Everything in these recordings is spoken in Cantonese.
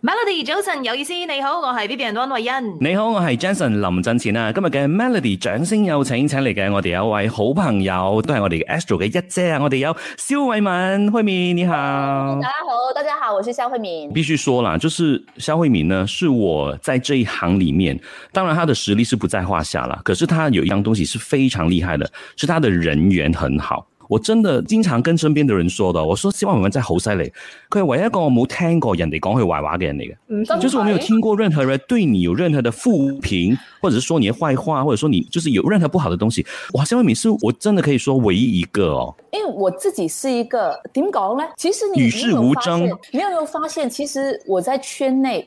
Melody 早晨有意思，你好，我係 B B N one w a y 慧欣。你好，我是 Jason 林振前啊。今日嘅 Melody 掌聲有請，請嚟嘅我哋有一位好朋友，嗯、都係我們的 ASTRO 嘅一姐啊。我哋有蕭慧敏，慧敏你好，大家好，大家好，我是肖慧敏。必須說啦，就是肖慧敏呢，是我在這一行裏面，當然他的實力是不在話下啦，可是他有一樣東西是非常厲害的，是他的人緣很好。我真的經常跟身邊的人說的，我說蕭慧敏真係好犀利，佢係唯一一個我冇聽過人哋講佢壞話嘅人嚟嘅，的嗯、就是我沒有聽過任何人對你有任何的負評，或者是說你的壞話，或者說你就是有任何不好的東西，我蕭慧敏是我真的可以說唯一一個哦。因為我自己是一個點講呢？其實你與世無爭，你有冇有發現？其實我在圈內。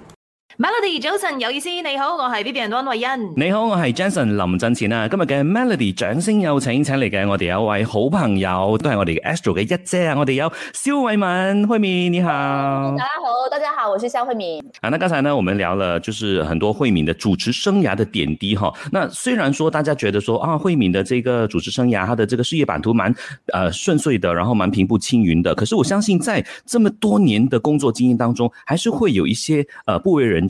Melody 早晨有意思，你好，我係 B B 人溫慧欣。你好，我是 Jason 林振前啊。今日嘅 Melody 掌聲有請，請嚟嘅我哋一位好朋友，都係、嗯、我哋 Astro 嘅一姐啊，我哋有蕭慧敏，慧敏，你好。大家好，大家好，我是蕭慧敏。啊，那剛才呢，我們聊了，就是很多慧敏的主持生涯的點滴哈。那雖然說大家覺得說啊，慧敏的這個主持生涯，她的這個事業版圖蠻，呃順遂的，然後蠻平步青雲的。可是我相信，在這麼多年的工作經驗當中，還是會有一些，呃不為人。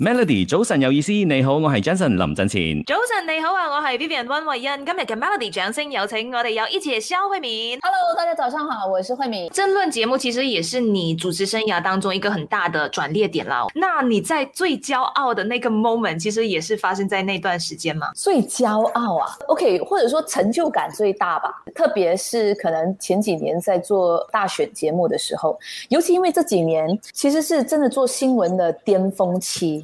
Melody，早晨有意思，你好，我是 Jason 林振前。早晨你好啊，我是 Vivian Wayan。今日嘅 Melody 掌聲有請，我哋有一姐蕭慧敏。Hello，大家早上好，我是慧敏。爭論節目其實也是你主持生涯當中一個很大的轉捩點啦。那你在最驕傲的那個 moment，其實也是發生在那段時間嘛？最驕傲啊，OK，或者說成就感最大吧。特別是可能前幾年在做大選節目的時候，尤其因為這幾年其實是真的做新聞的巔峰期。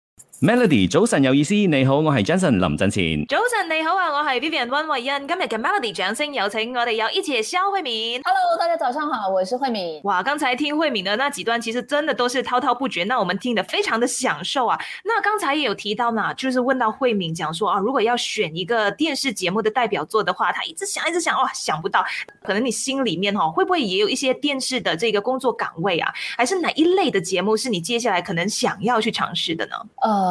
Melody，早晨有意思，你好，我是 Jason 林振前。早晨你好啊，我是 Vivian 溫慧欣。今日嘅 Melody 掌聲有請，我哋有一姐蕭慧敏。Hello，大家早上好，我是慧敏。哇，剛才聽慧敏的那幾段，其實真的都是滔滔不絕，那我們聽得非常的享受啊。那剛才也有提到呢，就是問到慧敏講說啊，如果要選一個電視節目的代表作的話，他一直想一直想，哇，想不到，可能你心裏面哈、哦，會不會也有一些電視的這個工作崗位啊，還是哪一類的節目，是你接下來可能想要去嘗試的呢？Uh,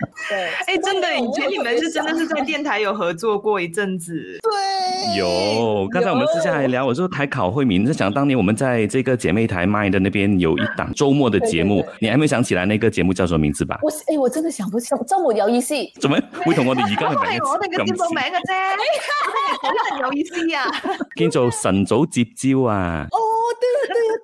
哎，對欸，真的，以前，嗯、你，你們是真的是在電台有合作過一陣子。對，有。剛才我們私下還聊，Yo. 我說台考慧敏，就想當年我們在這個姐妹台賣的那邊有一檔周末的節目， 對對對，你還沒想起來那個節目叫什麼名字吧？我，哎，我真的想不起來。周末有意思，怎麼？會同我哋而家係咁？都係我哋嘅節目名嘅啫，很有意思啊！叫做晨早接招啊。哦，對。